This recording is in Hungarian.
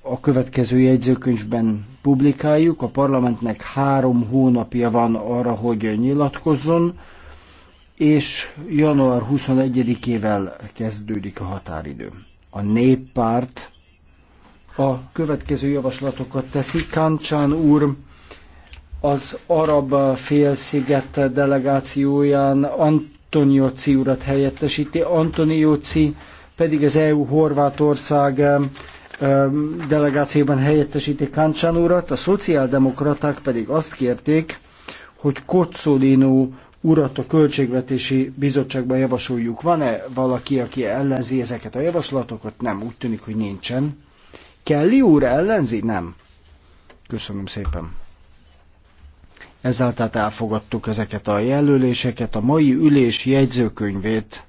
a következő jegyzőkönyvben publikáljuk. A parlamentnek három hónapja van arra, hogy nyilatkozzon, és január 21-ével kezdődik a határidő. A néppárt a következő javaslatokat teszi. Kancsán úr az arab félsziget delegációján Antoniocci urat helyettesíti, Antoniocci pedig az EU Horvátország delegációban helyettesíti Káncsán urat, a szociáldemokraták pedig azt kérték, hogy Kocolino urat a Költségvetési Bizottságban javasoljuk. Van-e valaki, aki ellenzi ezeket a javaslatokat? Nem, úgy tűnik, hogy nincsen. Kelly úr ellenzi? Nem. Köszönöm szépen. Ezáltal elfogadtuk ezeket a jelöléseket, a mai ülés jegyzőkönyvét